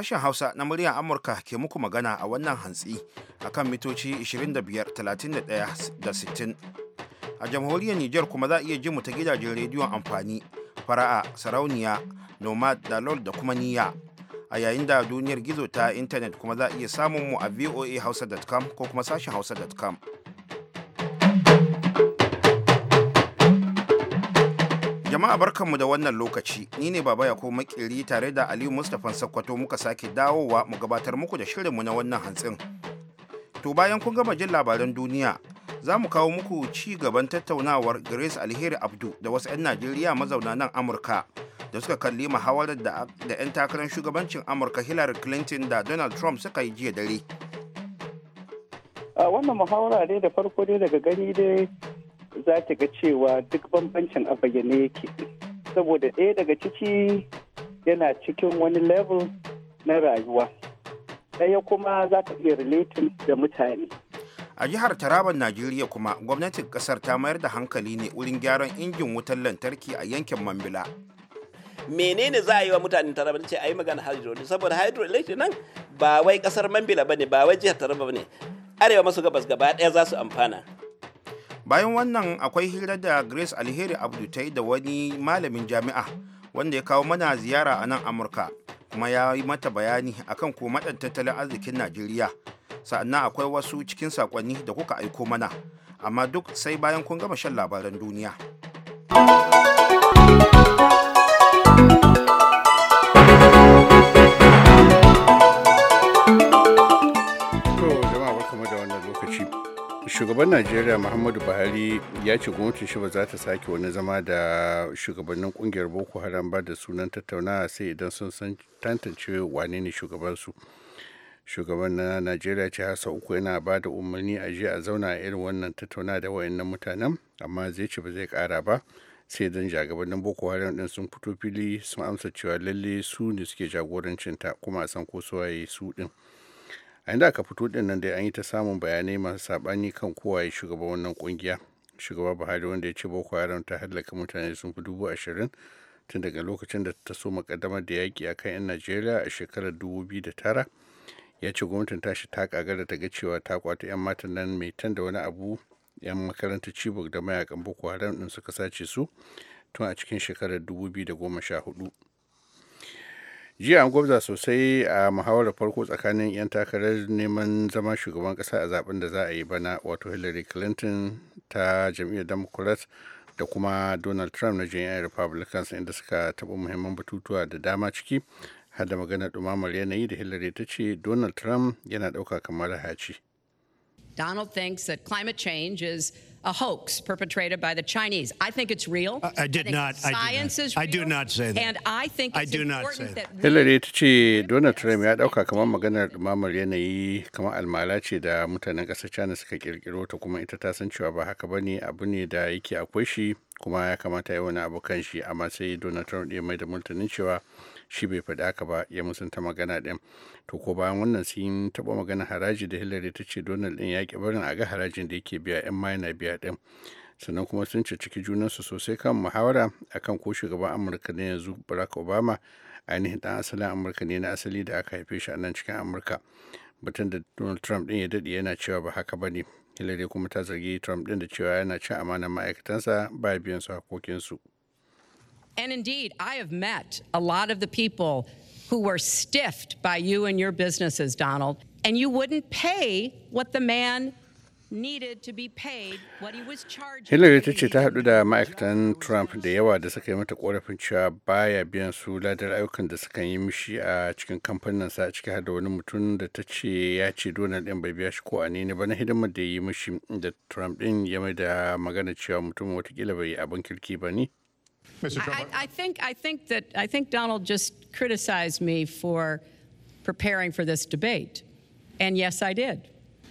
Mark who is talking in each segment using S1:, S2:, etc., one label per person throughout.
S1: Sashen Hausa na muryar Amurka ke muku magana a wannan hantsi akan mitoci 25, 31 da 60. A jamhuriyar Nijar kuma za a iya ji mu ta gidajen rediyon amfani, fara'a, sarauniya, nomad, dalol da kuma niyya. A yayin da duniyar gizo ta intanet kuma za a iya samun mu a voahausa.com ko kuma sashen hausa.com. Jama'a barkanmu da wannan lokaci, ni ne Baba Yako Makiri tare da Aliyu Mustapha Sakkwato muka sake dawowa mu gabatar muku da shirinmu na wannan hantsin. To bayan kun gama jin labaran duniya, za mu kawo muku ci gaban tattaunawar Grace Alheri Abdu da wasu 'yan Najeriya mazauna nan Amurka da suka kalli muhawarar da 'yan takarar shugabancin Amurka Hillary Clinton da Donald Trump suka yi jiya dare.
S2: Wannan muhawara ne da farko dai daga gani dai za ta ga cewa duk bambancin a bayyane yake saboda ɗaya daga ciki yana cikin wani level na rayuwa ɗaya kuma za ta iya
S1: relating da mutane a jihar taraban najeriya kuma gwamnatin kasar ta mayar da hankali ne wurin gyaran injin wutar lantarki a yankin mambila
S3: menene za a yi wa mutanen taraba ce a yi magana hydroelectric saboda hydroelectric nan ba wai kasar mambila bane ba wai jihar taraba ne arewa maso gabas gaba ɗaya za su amfana bayan
S1: wannan akwai hira da grace alheri abdu ta yi da wani malamin jami'a wanda ya kawo mana ziyara a nan amurka kuma ya yi mata bayani akan ko maɗan tattalin arzikin najeriya sa'annan akwai wasu cikin saƙonni da kuka aiko mana amma duk sai bayan kun gama shan labaran duniya.
S4: shugaban najeriya muhammadu buhari ya ce gwamnatin shi ba za ta sake wani zama da shugabannin kungiyar boko haram ba da sunan tattaunawa sai idan sun san tantance wane ne shugabansu shugaban na najeriya ce hasa uku yana ba da umarni a je a zauna a irin wannan tattauna da wayannan mutanen amma zai ce ba zai kara ba sai idan jagabannin boko haram din sun fito fili sun amsa cewa lalle su ne suke jagorancinta kuma a san ko su din. a inda aka fito din nan da an yi ta samun bayanai masu saɓani kan kowa ya shugaba wannan kungiya shugaba buhari wanda ya ce boko haram ta hallaka mutane sun fi dubu ashirin tun daga lokacin da ta so makaddamar da yaƙi a kan 'yan najeriya a shekarar 2009 ya ce gwamnatin tashi ta kagara ta ga cewa ta kwato 'yan matan nan mai tan da wani abu 'yan makarantar chibok da mayakan boko haram din suka sace su tun a cikin shekarar 2014 jiya an gwabza sosai a muhawarar farko tsakanin 'yan takarar neman zama shugaban kasa a zaben da za a yi bana wato hillary clinton ta jam'iyyar democrat da kuma donald trump na jam'iyyar republicans inda suka taɓa muhimman batutuwa da dama ciki har da magana ɗumamar yanayi da hillary ta ce donald trump yana ɗauka kamar haci
S5: donald thinks that climate change is a hoax perpetrated by the Chinese. I think it's real. I, I did I not. I do not. real.
S4: I do not say that.
S5: And I think it's I
S1: do not say that. Hillary
S4: ta ce Donald Trump ya dauka kamar maganar dumamar yanayi kamar almala ce da mutanen ƙasar China suka kirkiro ta kuma ita ta san cewa ba haka bane abu ne da yake akwai shi kuma ya kamata ya wani abu kan shi amma sai Donald Trump ya mai da multanin cewa shi bai faɗi haka ba ya musanta magana ɗin to ko bayan wannan sun taɓa magana haraji da hillary ta ce donald ɗin ya ƙi barin a ga harajin da yake biya yan mayana biya ɗin sannan kuma sun ciki junansu sosai kan muhawara akan ko shugaban amurka ne yanzu barack obama ainihin ɗan asalin amurka ne na asali da aka haife shi a nan cikin amurka batun da donald trump ɗin ya daɗe yana cewa ba haka ba ne hillary kuma ta zargi trump ɗin da cewa yana cin amanar ma'aikatansa ba biyan su hakokinsu
S5: And indeed, I have met a lot of the people who were stiffed by you and your businesses, Donald, and you wouldn't pay what the man
S4: Hillary ta ce ta haɗu da ma'aikatan Trump da yawa da suka yi mata cewa baya biyan su ladar ayyukan da suka yi mishi a cikin ciki da wani mutum da ta ce ya ce Donald ɗin bai biya shi ko ne ba na hidimar da ya yi mishi da Trump ɗin ya mai da magana cewa mutum watakila bai yi abin kirki ba ne Mr. Trump,
S5: I, I, think I think that I think Donald just criticized me for preparing for this debate, and yes, I did.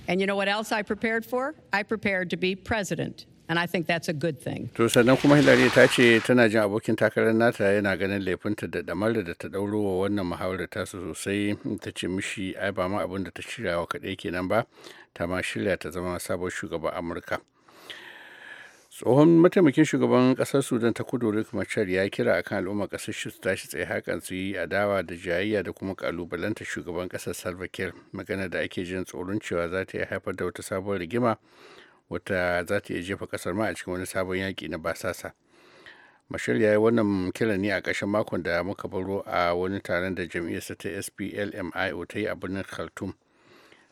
S5: And you know what else I prepared for? I prepared to be president. And I think that's a good thing.
S4: To kuma Hillary ta ce tana jin abokin takarar nata yana ganin laifinta da damar da ta ɗauro wa wannan sosai ta ce mishi ai ba ma abin da ta shirya wa kaɗai kenan ba ta ma shirya ta zama sabon shugaban Amurka. tsohon mataimakin shugaban kasar sudan ta kudu rick machar ya kira akan al'ummar kasar shi su tashi tsaye hakan su yi adawa da jayayya da kuma kalubalanta shugaban kasar salva kiir magana da ake jin tsoron cewa za ta iya haifar da wata sabon rigima wata za ta iya jefa kasar ma a cikin wani sabon yaƙi na basasa mashal ya yi wannan kira ne a ƙarshen makon da muka baro a wani taron da jam'iyyarsa ta splmio ta yi a birnin khartoum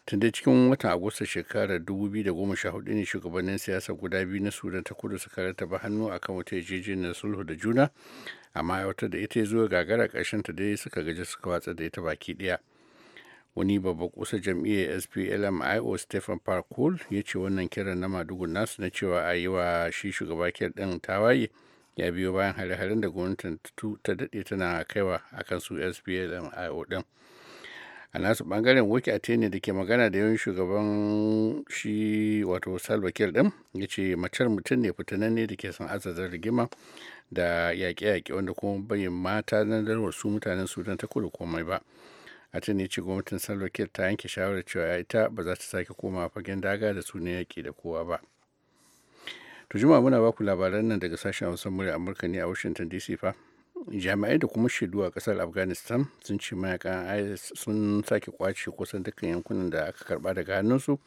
S4: tun da cikin watan agusta shekarar 2014 ne shugabannin siyasa guda biyu na sudan ta kudu suka rataba hannu a kan wata yarjejeniyar sulhu da juna amma wata da ita ya zo gagara ƙarshen ta dai suka gaji suka watsa da ita baki ɗaya wani babban kusa jam'iyyar splmio stephen parkour ya ce wannan kiran na madugun nasu na cewa a yi wa shi shugaba kiyar ɗin tawaye ya biyo bayan hare-haren da gwamnatin ta daɗe tana kaiwa akan su splmio din. a nasu bangaren wuki a ne da ke magana da yawan shugaban shi wato salva kiir din ya ce macar mutum ne nan ne da ke son azazar rigima da yaƙe-yaƙe wanda kuma bayin mata na darwar su mutanen sudan ta kudu komai ba a ya ce gwamnatin salva kiir ta yanke shawarar cewa ya ita ba za ta sake koma fagen daga da sunan yaƙi da kowa ba to juma muna baku labaran nan daga sashen hausa murya amurka ne a washington dc fa jami'ai da kuma shaidu a kasar afghanistan sun ce mayakan is sun sake kwace kusan dukkan yankunan da aka karba daga hannunsu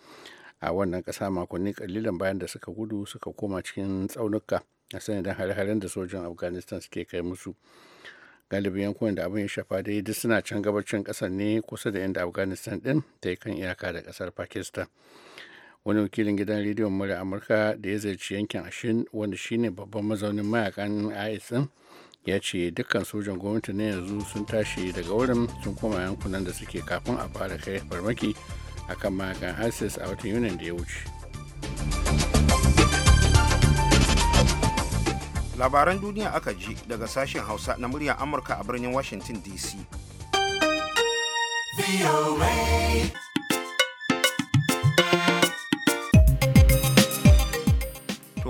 S4: a wannan kasa makonni kalilan bayan da suka gudu suka koma cikin tsaunuka a sanadin hare-haren da sojan afghanistan suke kai musu galibin yankunan da abin ya shafa dai duk suna can gabacin kasar ne kusa da inda afghanistan din ta yi kan iyaka da kasar pakistan wani wakilin gidan rediyon murya amurka da ya ziyarci yankin ashin wanda shine babban mazaunin mayakan is din ya ce dukkan sojan gwamnati na yanzu sun tashi daga wurin sun koma yankunan da suke kafin a fara kai farmaki a kan mayakan isis a watan yunin da ya wuce
S1: labaran duniya aka ji daga sashen hausa na muryar amurka a birnin washington dc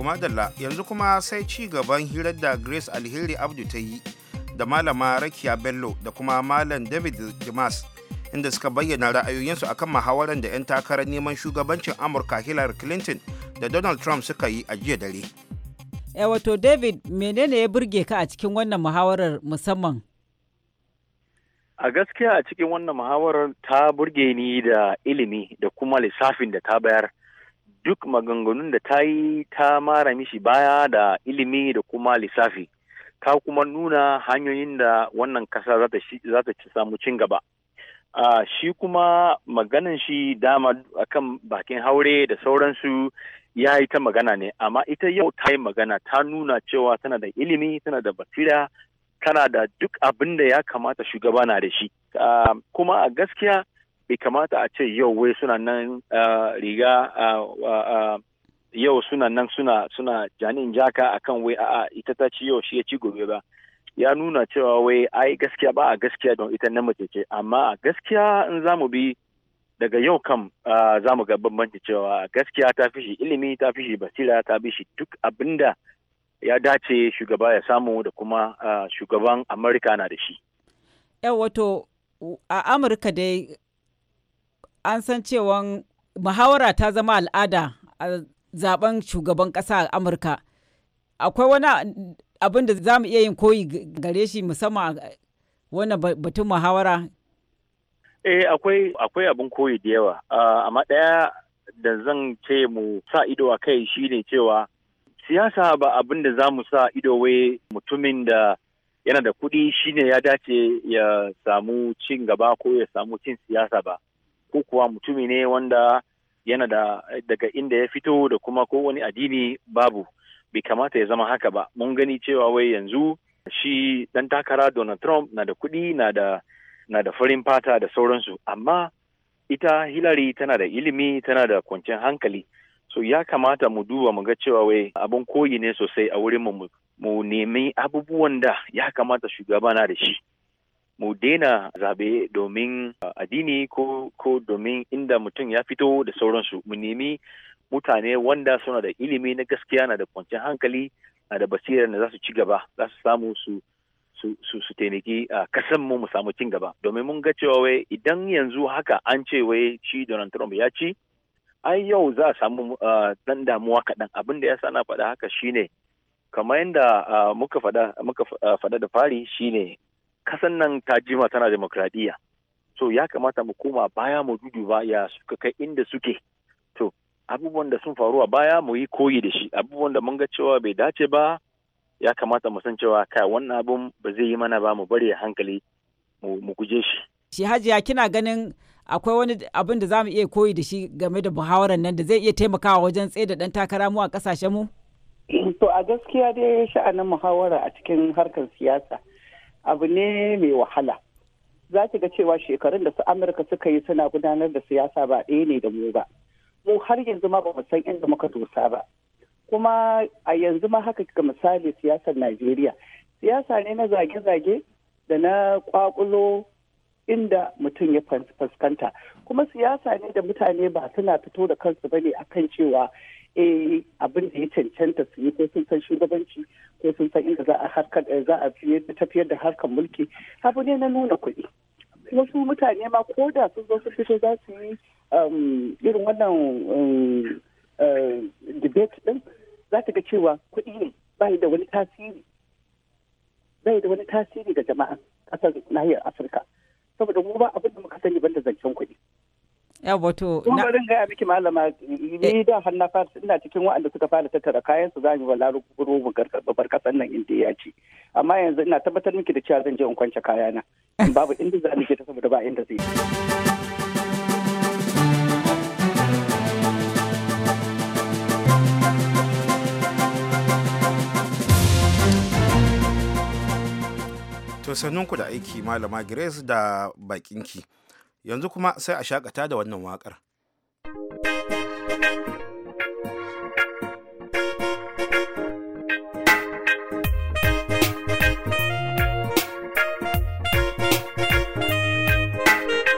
S1: To madalla yanzu kuma sai ci gaban hirar da Grace Alheri Abdu ta yi da malama Rakiya Bello da kuma malam David Dimas inda suka bayyana ra'ayoyinsu akan muhawarar da 'yan takarar neman shugabancin Amurka Hillary Clinton da Donald Trump suka yi a jiya dare.
S5: E wato David menene ya burge ka a cikin wannan muhawarar musamman?
S6: A gaskiya a cikin wannan muhawarar ta burge ni da ilimi da kuma lissafin da ta bayar. duk maganganun da ta yi ta mara mishi baya da ilimi da kuma lissafi ta kuma nuna hanyoyin da wannan kasa za ta samu cin gaba uh, shi kuma maganan shi dama akan bakin haure da sauransu ya yi ta magana ne amma ita yau ta yi magana ta nuna cewa tana da ilimi tana da basira tana da duk abin da ya kamata shugaba na da shi uh, kuma a gaskiya bai kamata a ce yau wai suna nan riga yau suna nan suna suna janin jaka akan wai a'a ita ta ci yau shi ya ci gobe ba ya nuna cewa wai ai gaskiya ba a gaskiya don ita na mace ce amma a gaskiya in za mu bi daga yau kam za mu ga bambanci cewa gaskiya ta fi shi ilimi ta fi shi basira ta fi shi duk abinda ya dace shugaba ya samu da kuma shugaban amurka na da shi.
S5: wato a amurka dai an san cewa muhawara ta zama al'ada a zaben shugaban ƙasa a Amurka. Akwai wani abin da za mu iya yin koyi gare shi musamman wannan batun muhawara?
S6: Eh akwai akwai abin koyi da yawa. Ah, amma ɗaya da zan ce mu sa ido a kai shi ne cewa siyasa ba abin da za mu sa ido wai mutumin da yana da kuɗi shine ya dace ya samu cin gaba ko ya samu cin siyasa ba. ko kuwa mutumi ne wanda yana da daga inda ya fito da kuma ko wani addini babu bai kamata ya zama haka ba mun gani cewa wai yanzu shi dan takara Donald Trump na da kuɗi na da na da farin fata da sauransu amma ita Hillary tana da ilimi tana da kwanciyar hankali so ya kamata mu duba mu ga cewa wai abin koyi ne sosai a wurin mu mu nemi abubuwan da ya kamata shugaba na da shi mu daina zaɓe domin uh, addini ko domin inda mutum ya fito da sauransu mu nemi mutane wanda suna da ilimi na gaskiya na da kwanciyar hankali na da basira na za su ci gaba za su samu su su su taimaki a uh, kasan mu mu samu cin gaba domin mun ga cewa wai idan yanzu haka an ce wai shi Donald Trump ya ci ai yau za a samu dan uh, damuwa kaɗan abin da ya sana faɗa haka shine kamar yadda muka faɗa muka faɗa da fari shine kasan nan ta jima tana demokradiyya so ya kamata mu koma baya mu dudu ya suka kai inda suke to abubuwan da sun faru a baya mu yi koyi da shi abubuwan da mun ga cewa bai dace ba ya kamata mu san cewa kai wannan abun ba zai yi mana ba mu bari hankali mu guje shi
S5: shi hajiya kina ganin akwai wani abin da za mu iya koyi da shi game da muhawarar nan da zai iya taimakawa wajen tsaye da ɗan takara mu a kasashen mu? To
S2: a gaskiya dai sha'anin muhawara a cikin harkar siyasa abu ne mai wahala za ga cewa shekarun da su amurka suka yi suna gudanar da siyasa ba ɗaya ne da mu ba mu har yanzu ma ba mu san inda muka dosa ba kuma a yanzu ma haka ga misali siyasar najeriya siyasa ne na zage-zage da na kwakulo inda mutum ya fuskanta kuma siyasa ne da mutane ba suna fito da kansu ba ne akan cewa eh abin da ya cancanta su yi ko sun san shugabanci ko sun san inda za a harkar eh, za a tafiyar da harkar mulki abu ne na nuna kuɗi wasu mutane ma ko da sun zo su fito za su yi um, irin wannan um, eh, debate din za ta ga cewa kuɗi ne bai da wani tasiri bai da wani tasiri ga jama'a ƙasar nahiyar afirka saboda mu ba abin da muka sani banda zancen kuɗi
S5: yawa to na barin gaya
S2: miki malama ni eh. da hannun fara ina cikin waɗanda suka fara tattara kayan su zamu wala mu babbar kasar nan inda ya ci amma yanzu ina tabbatar miki da cewa zan je in kwance kayana babu inda za mu ke ta saboda ba inda zai
S1: To ku da aiki malama Grace da bakinki. yanzu kuma sai a shakata da wannan waƙar.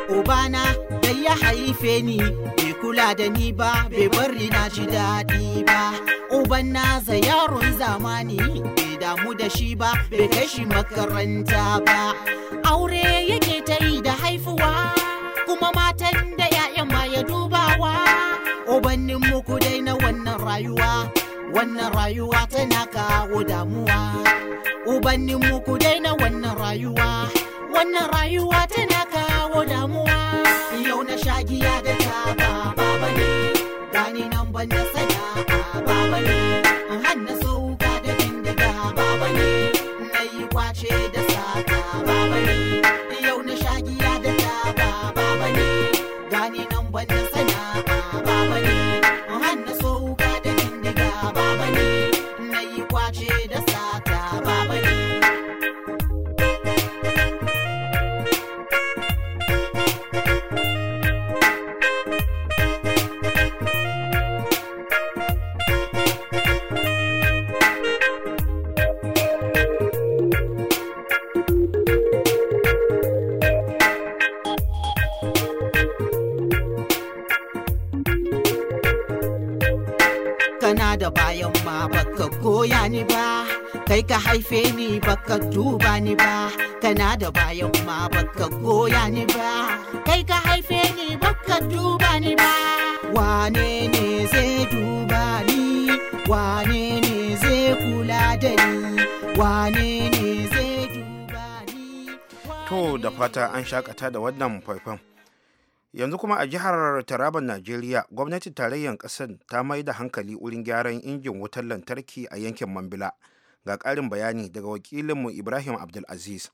S7: Ubana da ya haife ni bai kula da ni ba bai bari na ji daɗi ba. Uban naza yaron zamani bai damu da shi ba bai kai shi makaranta ba. Aure yake ta yi da haifuwa. kuma matan da 'ya'yan ma ya dubawa ubannin muku dai na wannan rayuwa wannan rayuwa tana kawo damuwa ubannin muku dai na wannan rayuwa wannan rayuwa tana kawo damuwa yau na shagiya da taba baba ne gani nan ban da sana'a baba ne Hanna sauka da bindiga baba ne na yi kwace da saka baba ne baka duba ni ba kana da bayan ma baka goya ni ba kai ka haife ni baka duba ni ba wane ne zai duba ni wane ne zai kula da ni wane ne zai duba ni
S1: to da fata an shakata da wannan faifan yanzu kuma a jihar taraban najeriya gwamnatin tarayyar ƙasar ta mai da hankali wurin gyaran injin wutar lantarki a yankin mambila ga karin bayani daga wakilinmu ibrahim abdulaziz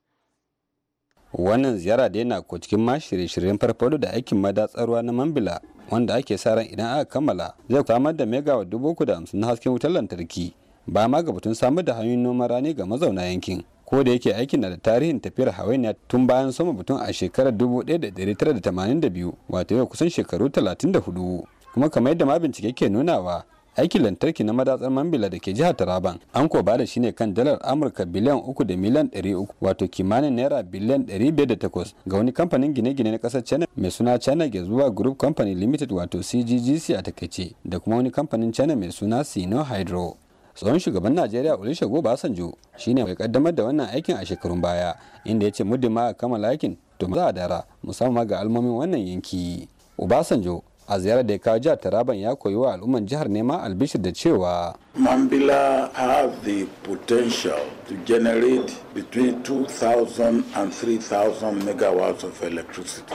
S8: wannan ziyara da yana ko cikin ma shirye-shiryen farfado da aikin madatsar ruwa na mambila wanda ake sa ran idan aka kammala zai samar da megawa dubu uku da hamsin na hasken wutar lantarki ba ma ga batun samar da hanyoyin noman rani ga mazauna yankin ko da yake aikin na da tarihin tafiyar hawainiya tun bayan soma batun a shekarar 1982 wato yau kusan shekaru talatin da hudu kuma kamar yadda ma bincike ke nunawa aikin lantarki na madatsar mambila da ke jihar taraban an ko bada shi ne kan dalar amurka biliyan uku da miliyan ɗari uku wato kimanin naira biliyan ɗari biyar da takwas ga wani kamfanin gine-gine na ƙasar china mai suna china gezuwa group company limited wato cggc a takaice da kuma wani kamfanin china mai suna sino hydro tsohon shugaban najeriya goba shi shine mai kaddamar da wannan aikin a shekarun baya inda ya ce muddin ma kammala aikin to za a dara musamman ga almomin wannan yanki obasanjo a ziyarar da ya kawo jihar taraban ya koyi wa al'ummar jihar nema albishir da cewa
S9: mambila have the potential to generate between 2,000 and 3,000 megawatts of electricity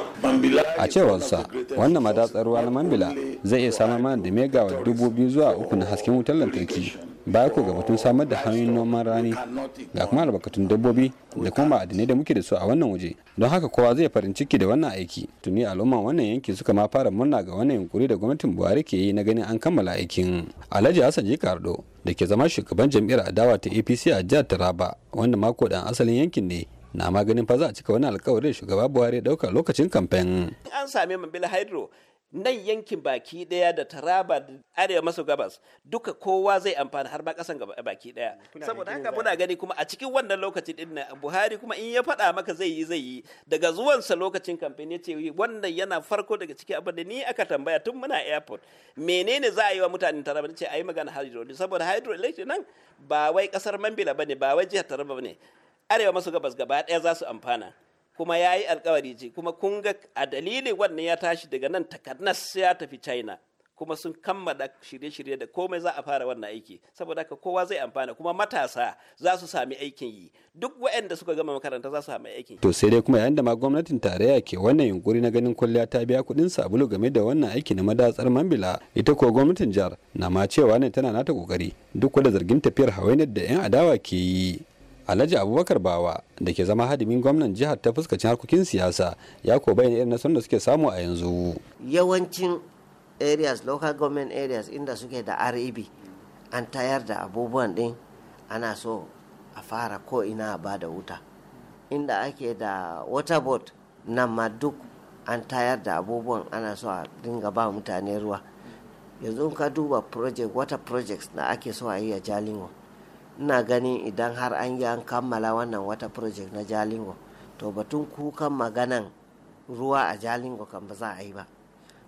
S8: a cewarsa wannan madatsar ruwa na mambila zai iya samar mana da megawatt dubu biyu zuwa uku na hasken wutar lantarki baya ko ga batun samar da hanyoyin noman rani ga kuma albarkatun dabbobi da kuma ma'adinai da muke da su a wannan waje don haka kowa zai farin ciki da wannan aiki tuni al'umman wannan yanki suka ma fara murna ga wannan yunkuri da gwamnatin buhari ke yi na ganin an kammala aikin alhaji hassan kardo da ke zama shugaban jam'iyyar adawa ta apc a jihar taraba wanda mako dan asalin yankin ne na maganin fa za a cika wani alkawarin shugaba buhari ya dauka lokacin kamfen
S3: an sami mambila hydro nan yankin baki daya da taraba da arewa maso gabas duka kowa zai amfana har ma kasan baki daya saboda haka muna gani kuma a cikin wannan lokacin din nan buhari kuma in ya faɗa maka zai yi zai yi daga zuwansa lokacin kamfen ya ce wannan yana farko daga cikin abin da ni aka tambaya tun muna airport menene za a yi wa mutanen taraba ce a yi magana hydro saboda hydro electric nan ba wai kasar mambila bane ba wai jihar taraba bane arewa maso gabas gaba daya za su amfana kuma ya yi alkawari ce kuma kun ga a dalilin wannan ya tashi daga nan takarnas ya tafi china kuma sun kammala shirye-shirye da komai za a fara wannan aiki saboda haka kowa zai amfana kuma matasa za su sami aikin yi duk waɗanda suka gama makaranta za su sami aikin
S8: to sai dai kuma yayin da ma gwamnatin tarayya ke wannan yunkuri na ganin kwalliya ta biya kuɗin sabulu game da wannan aiki na madatsar mambila ita ko gwamnatin jihar na ma cewa ne tana nata kokari duk da zargin tafiyar hawainar da yan adawa ke yi alhaji abubakar bawa da ke zama hadimin gwamnan jihar ta fuskacin harkokin siyasa ya ko bayyana irin nasarar da suke samu a yanzu
S7: yawancin areas local government areas inda suke da rab an tayar da abubuwan din ana so a fara ko ina ba da wuta inda ake da water board na ma duk an tayar da abubuwan ana so a dinga ba mutane ruwa yanzu ka duba project water projects na ake so a yi a jalingo ina ganin idan har an yi an kammala wannan wata project na jalingo to batun kukan maganan ruwa a jalingo kan ba za a yi ba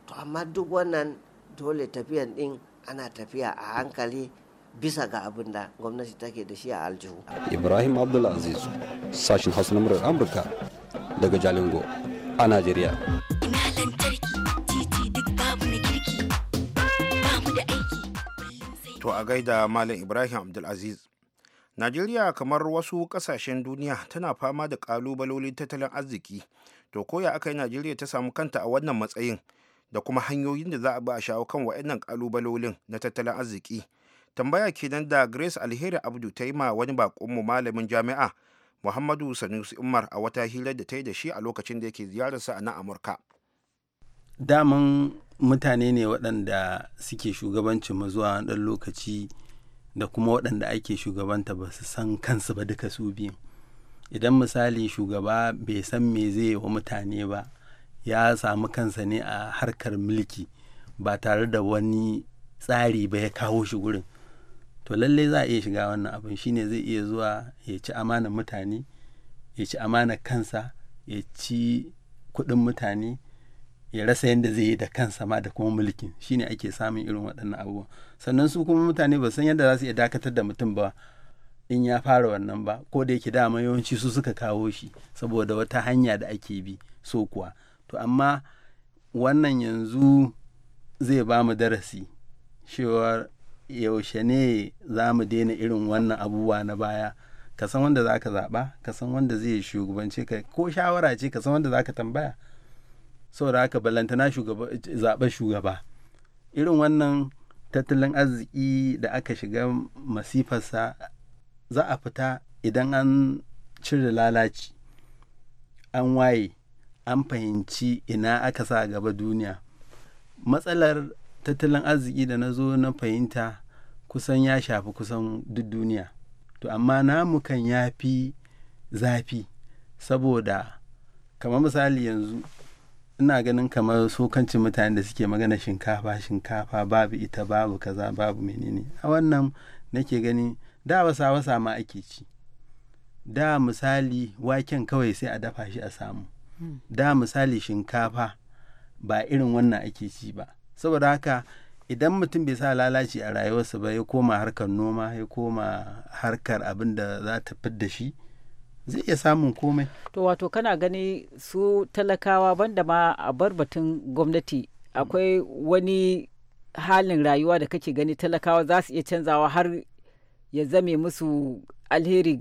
S7: to amma duk wannan dole tafiyan din ana tafiya a hankali bisa ga abin da gwamnati take da shi a aljihu
S8: ibrahim abdulaziz sashin hausa na murar amurka daga jalingo a najeriya
S1: to a gaida malam ibrahim abdulaziz najeriya kamar wasu kasashen duniya tana fama da kalubalolin tattalin arziki to koya aka yi najeriya ta samu kanta a wannan matsayin da kuma hanyoyin da za a bi a shawo kan waɗannan kalubalolin na tattalin arziki tambaya kenan da grace alheri abdu ta yi ma wani baƙonmu malamin jami'a muhammadu sanusi umar a wata hira da ta yi da shi a lokacin da yake ziyararsa a nan amurka
S9: daman mutane ne waɗanda suke shugabancin mazuwa ɗan lokaci da kuma waɗanda ake shugabanta ba su san kansu ba duka su biyu idan misali shugaba bai san me zai wa mutane ba ya samu kansa ne a harkar mulki ba tare da wani tsari ba ya kawo shi gurin to lallai za a iya shiga wannan abin shine zai iya zuwa ya ci amanar mutane ya ci amanar kansa ya ci kuɗin mutane ya rasa yadda zai yi da kansa ma da kuma mulkin shine ake samun irin waɗannan abubuwan sannan su kuma mutane ba san yadda za su iya dakatar da mutum ba in ya fara wannan ba ko da yake dama yawanci su suka kawo shi saboda wata hanya da ake bi so kuwa to amma wannan yanzu zai ba mu darasi cewa yaushe ne za mu daina irin wannan abubuwa na baya ka san wanda za ka zaɓa ka san wanda zai shugabance ka ko shawara ce ka san wanda za ka tambaya saboda haka ballantana zaɓen shugaba irin wannan tattalin arziki da aka shiga masifarsa za a fita idan an cire lalaci an waye an fahimci ina aka sa gaba duniya matsalar tattalin arziki da na zo na fahimta kusan ya shafi kusan duk duniya to amma namu kan ya fi zafi saboda kamar misali yanzu ina ganin kamar sokancin mutane da suke magana shinkafa shinkafa babu ita babu kaza babu menene a wannan nake gani da wasa wasa ma ake ci da misali waken kawai sai a dafa shi a samu hmm. da misali shinkafa ba irin wannan ake ci ba saboda haka idan mutum bai sa lalaci a rayuwarsa ba ya koma harkar noma ya koma harkar abin da za ta da shi zai iya samun komai
S5: to wato kana gani su talakawa banda ma a bar batun gwamnati akwai wani halin rayuwa da kake gani talakawa za su iya canzawa har ya zame musu alheri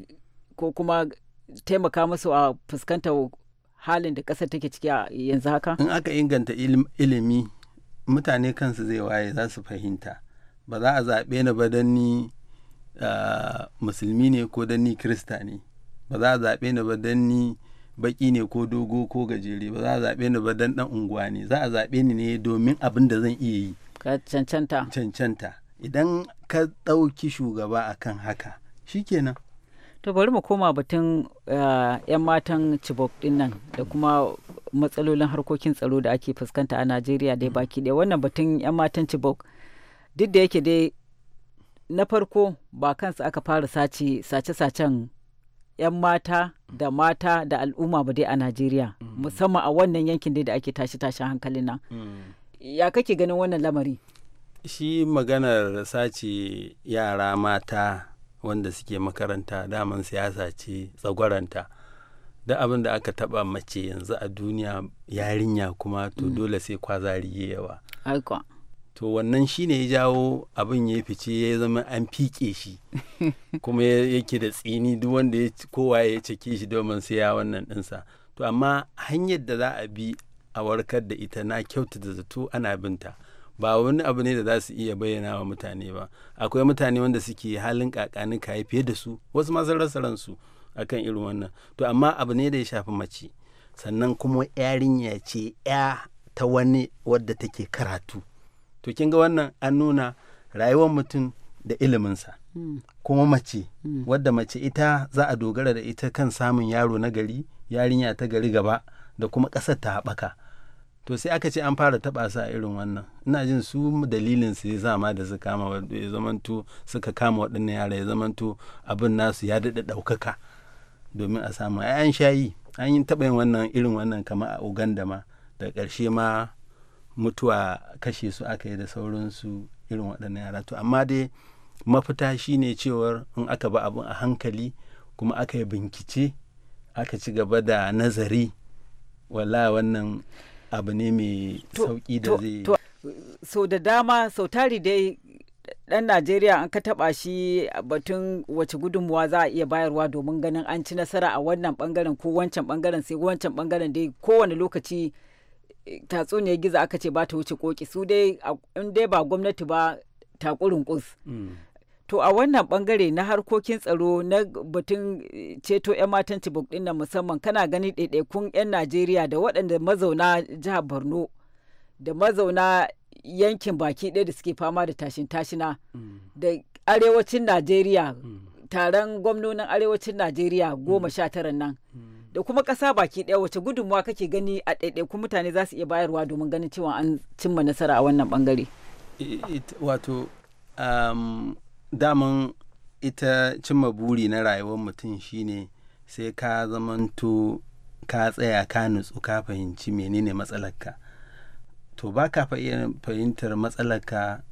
S5: ko kuma taimaka musu a fuskantar halin da ƙasa take ciki a yanzu haka
S9: in aka inganta ilimi mutane kansu zai waye za su fahimta ba za a zaɓe ni ba don ni ah, musulmi ne ko don ni kirista ne ba za a zaɓe ni ba don ni baki ne ko dogo ko gajere ba za a zaɓe ni ba don ɗan unguwa ne za a zaɓe ni ne domin abin da zan iya yi ka cancanta cancanta idan ka ɗauki shugaba akan haka
S5: shikenan to bari mu koma batun yan eh, matan cibok din nan da kuma matsalolin harkokin tsaro da ake fuskanta a najeriya dai baki ɗaya wannan batun yan matan chibok duk da yake dai na farko ba kansu aka fara sace-sacen 'yan mata da mata da al'umma ba dai a Najeriya mm. musamman a wannan yankin dai da ake tashi tashin hankalin na. Mm. ya kake ganin wannan lamari
S9: shi maganar sace yara mata wanda suke makaranta daman siyasa ce tsagwaranta da abin da aka taba mace yanzu a duniya yarinya kuma to mm. dole sai kwazari yawa to wannan shi ne ya jawo abin ya fice ya zama an fike shi kuma yake da tsini duk wanda ya kowa ya cike shi domin sai wannan ɗinsa to amma hanyar da za a bi a warkar da ita na kyauta da zato ana binta ba wani abu ne da za su iya bayyana wa mutane ba akwai mutane wanda suke halin kakanin kayi fiye da su wasu ma rasa ransu akan irin wannan to amma abu ne da ya shafi mace sannan kuma yarinya ce ya ta wani wadda take karatu to kin ga wannan an nuna rayuwar mutum da iliminsa hmm. kuma mace hmm. wadda mace ita za a dogara da ita kan samun yaro na gari yarinya ta gari gaba da kuma ƙasar ta haɓaka to sai aka ce an fara taɓa su a irin wannan ina jin su dalilin su ya zama da su kama ya zamanto suka kama waɗannan yara ya zamanto abin nasu ya daɗa ɗaukaka domin a samu an shayi an yi taɓa yin wannan irin wannan kama a uganda ma da ƙarshe ma mutuwa kashe su aka yi da sauransu irin waɗannan yara to amma dai mafita ne cewar in aka ba abin a hankali kuma aka yi bincike aka ci gaba da nazari wala wannan abu ne mai sauƙi da zai
S5: so da dama sau tari dai ɗan najeriya an ka taɓa shi batun wace gudunmuwa za a iya bayarwa domin ganin an ci nasara a wannan bangaren ko wancan bangaren sai wancan bangaren dai kowane lokaci tatsuniyar giza aka ce ba ta wuce koki su dai in dai ba gwamnati ba takurin kus mm. to a wannan bangare na harkokin tsaro na batun eh, ceto 'yan matan cibok din nan musamman kana gani ɗaiɗaikun 'yan najeriya da waɗanda mazauna jihar borno da mazauna yankin baki ɗaya da suke fama da tashin tashina mm. da arewacin najeriya mm. taron gwamnonin arewacin najeriya goma sha tara nan da kuma ƙasa baki ɗaya wace gudunmawa kake gani a ɗaiɗaikun mutane za su iya bayarwa domin ganin cewa an cimma nasara a wannan ɓangare.
S9: wato um, daman ita cimma buri na rayuwar mutum shine sai ka zamanto ka tsaya ka nutsu ka fahimci menene matsalarka to ba ka fahimtar matsalarka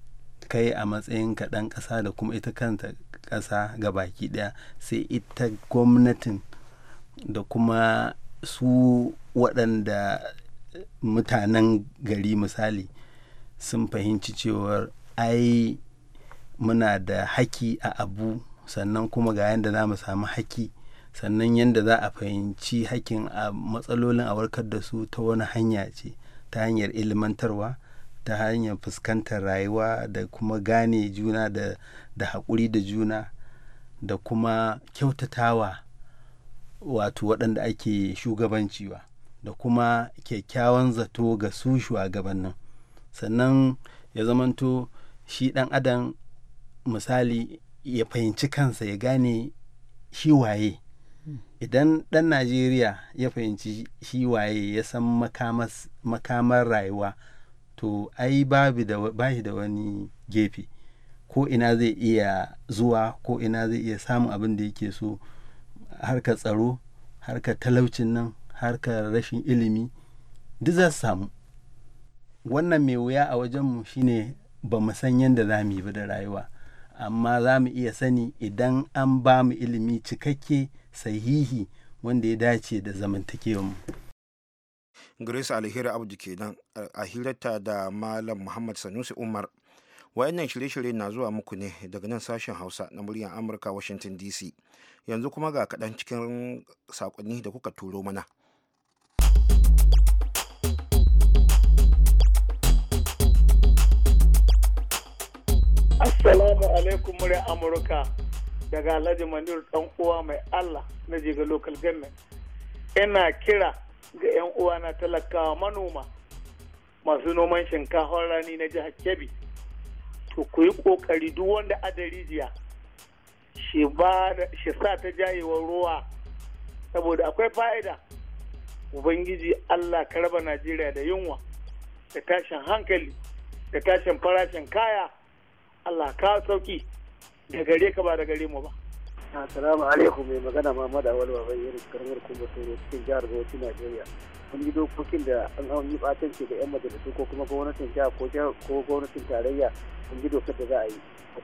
S9: kai a matsayin ka ɗan ƙasa da kuma ita kanta ƙasa ga baki ɗaya sai ita gwamnatin da kuma su waɗanda mutanen gari misali sun fahimci cewar ai muna da haki a abu sannan kuma ga yadda za mu samu haki sannan yadda za a fahimci hakin a matsalolin a warkar da su ta wani hanya ce ta hanyar ilmantarwa ta hanyar fuskantar rayuwa da kuma gane juna da haƙuri da juna da kuma kyautatawa wato waɗanda ake shugabanciwa da kuma kyakkyawan zato ga su shugabannin sannan ya zamanto shi ɗan adam misali ya fahimci kansa ya gane shi waye idan ɗan najeriya ya fahimci shi waye ya san makamar rayuwa to ai babu da bashi da wani gefe ko ina zai iya zuwa ko ina zai iya samun abin da yake so harkar tsaro harkar talaucin nan harkar rashin ilimi duk za su samu wannan mai wuya a wajenmu shine ba mu san yadda za mu yi ba da rayuwa amma za mu iya sani idan an ba mu ilimi cikakke sahihi wanda ya dace da mu.
S1: grace alheri abu kenan a hirarta da malam muhammad sanusi umar wayannan shirye-shirye na zuwa muku ne daga nan sashen hausa na muryar amurka washington dc yanzu kuma ga kaɗan cikin sakonni da kuka turo mana
S2: assalamu alaikum muryar amurka daga alhaji manir ɗan uwa mai allah na jiga local government ina kira ga 'yan uwa na talakawa manoma masu noman shinkafar rani na jihar kebbi to ku yi ƙoƙari duk wanda ada rijiya shi sa ta jayewar ruwa saboda akwai fa'ida ubangiji allah ka raba najeriya da yunwa da tashin hankali da tashin farashin kaya allah ka sauki da gare ka ba da gare mu ba assalamu alaikum mai magana mamada walwa bayyana karamar kuma turo cikin jihar bauchi najeriya kun dokokin da an yi batanci da 'yan majalisu ko kuma gwamnatin jiha ko gwamnatin tarayya kun ji dokar da za a yi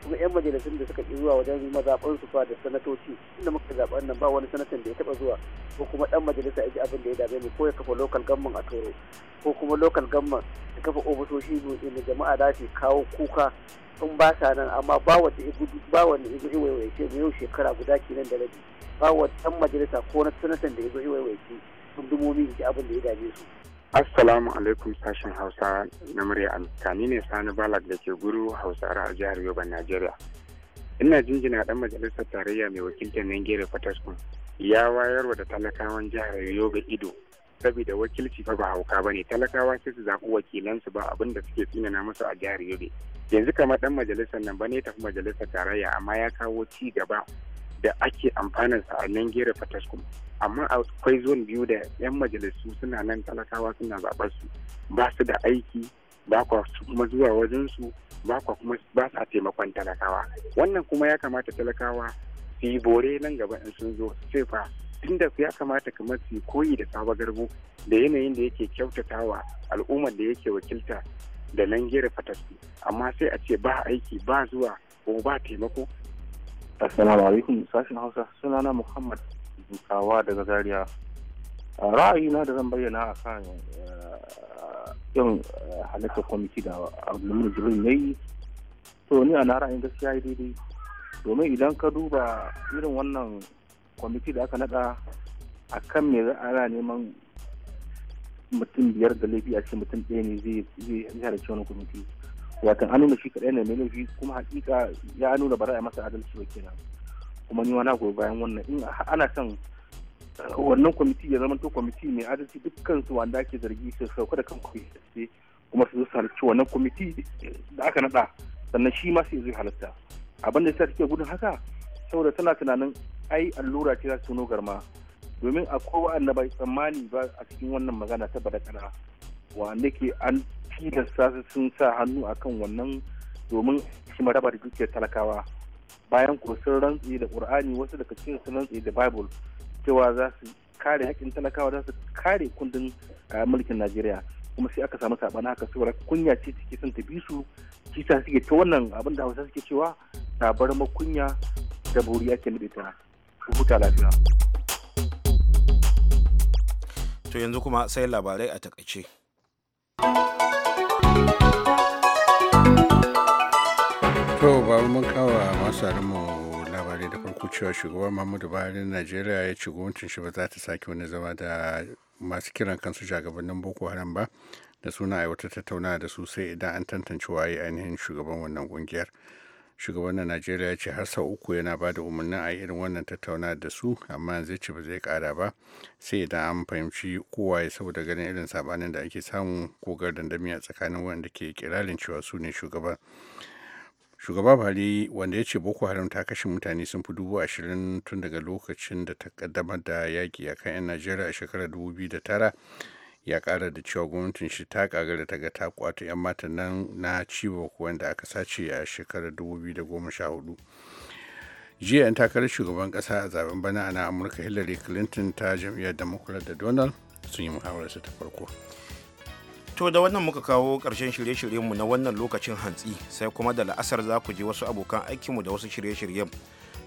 S2: kuma 'yan majalisun da suka zuwa wajen mazaɓar su fa da sanatoci inda muka zaɓen nan ba wani sanatan da ya taɓa zuwa ko kuma ɗan majalisa ya ji abin da ya dame mu ko ya kafa lokal gamman a toro ko kuma lokal gamman ya kafa ofisoshi da jama'a za su kawo kuka in ba sa nan amma ba wanda ya gudu ba wanda ya ce mu yau shekara guda kenan da rabi ba wanda ɗan majalisa ko na sanatan da ya gudu waiwaice gundumomi ji abin da ya dame su
S10: Assalamu alaikum sashen Hausa na murya Amurka ne Sani balak da ke guru Hausa a jihar Yoruba Najeriya. Ina jinjina dan majalisar tarayya mai wakiltar Nangere Fataskun ya wayarwa da talakawan jihar Yobe ido saboda wakilci fa ba hauka ba ne talakawa sai su zaɓi wakilansu ba abin da suke tsinana musu a jihar Yobe. Yanzu kamar ɗan majalisar nan ba ne tafi majalisar tarayya amma ya kawo ci gaba da ake sa a nan gera fataskum amma akwai zon biyu da 'yan majalisu suna nan talakawa suna zaɓar su ba su da aiki ba kwa kuma zuwa wajen su ba kwa kuma ba sa taimakon talakawa wannan kuma ya kamata talakawa su yi bore nan gaba in sun zo sai ce fa tunda ya kamata kamar su koyi da saba garbo da yanayin da yake kyautatawa al'ummar da yake wakilta da nan gera fatasku amma sai a ce ba aiki ba zuwa ko ba taimako Assalamu alaikum sashen Hausa suna na Muhammad Dukawa daga Zaria. Ra'ayina da zan
S11: bayyana a kan yin eh, eh, halittar kwamiti da Abdulmumin Jibril ya yi, to ni a na ra'ayin gaskiya yi daidai. Domin idan ka duba irin wannan kwamiti da aka naɗa a kan me za ana neman mutum biyar da laifi a ce mutum ɗaya ne zai halarci wani kwamiti. watan an nuna shi kaɗai ne mai laifi kuma hakika ya nuna ba a masa adalci ba kenan kuma ni wani goyi bayan wannan in ana son eh, wannan kwamiti ya zama to kwamiti mai adalci dukkan su wanda ake zargi su sauka da kan kwamiti kuma su halarci wannan kwamiti da aka naɗa sannan shi ma sai zai halatta abin da sa take gudun haka saboda tana tunanin ai allura ce za su tuno garma domin akwai wa'anda ba tsammani ba a cikin wannan magana ta badakara wa'anda ke an da su sun sa hannu akan wannan domin shi maraba da dukiyar talakawa bayan kursar rantsi da ƙur'ani wasu daga cikin su rantsi da bible cewa za su kare haƙƙin talakawa za su kare kundin ah, mulkin najeriya kuma sai aka samu saɓani haka saboda kunya ce take son ta bi su kisa suke ta wannan abin da hausa suke cewa tabar makunya da buri ake nuɗe
S1: ta huta lafiya. to yanzu kuma sai labarai a takaice.
S4: to ba mun kawa masu mu labarai da farko cewa shugaban mahmudu buhari najeriya ya ce gwamnatin shi ba za ta sake wani zama da masu kiran kansu shagabannin boko haram ba da suna aiwata tattauna da su sai idan an tantance waye ainihin shugaban wannan kungiyar shugaban na najeriya ya ce har sau uku yana ba da umarnin a irin wannan tattauna da su amma yanzu ci ba zai kara ba sai idan an fahimci kowa saboda ganin irin sabanin da ake samu ko gardandami a tsakanin wanda ke kiralin cewa su ne shugaban shugaba buhari wanda ya ce boko haram ta kashe mutane sun fi dubu ashirin tun daga lokacin da ta kaddamar da yaki a kan 'yan najeriya a shekarar 2009 ya kara da cewa gwamnatin shi ta kagara ta ga ta kwato 'yan mata nan na ciwo wanda aka sace a shekarar 2014 jiya 'yan takarar shugaban kasa a zaben bana a amurka hillary clinton ta jam'iyyar democrat da donald sun yi muhawararsu ta farko to da wannan muka kawo ƙarshen shirye-shiryenmu na wannan lokacin
S1: hantsi sai kuma da la'asar za ku je wasu abokan aikinmu da wasu shirye-shiryen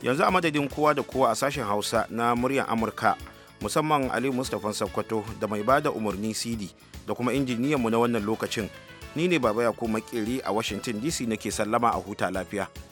S1: yanzu a madadin kowa da kowa a sashen hausa na muryar amurka musamman ali mustapha sakkwato da mai ba da umarni cd da kuma injiniyanmu na wannan lokacin ni ne baba ya ko makeri a washington dc nake sallama a huta lafiya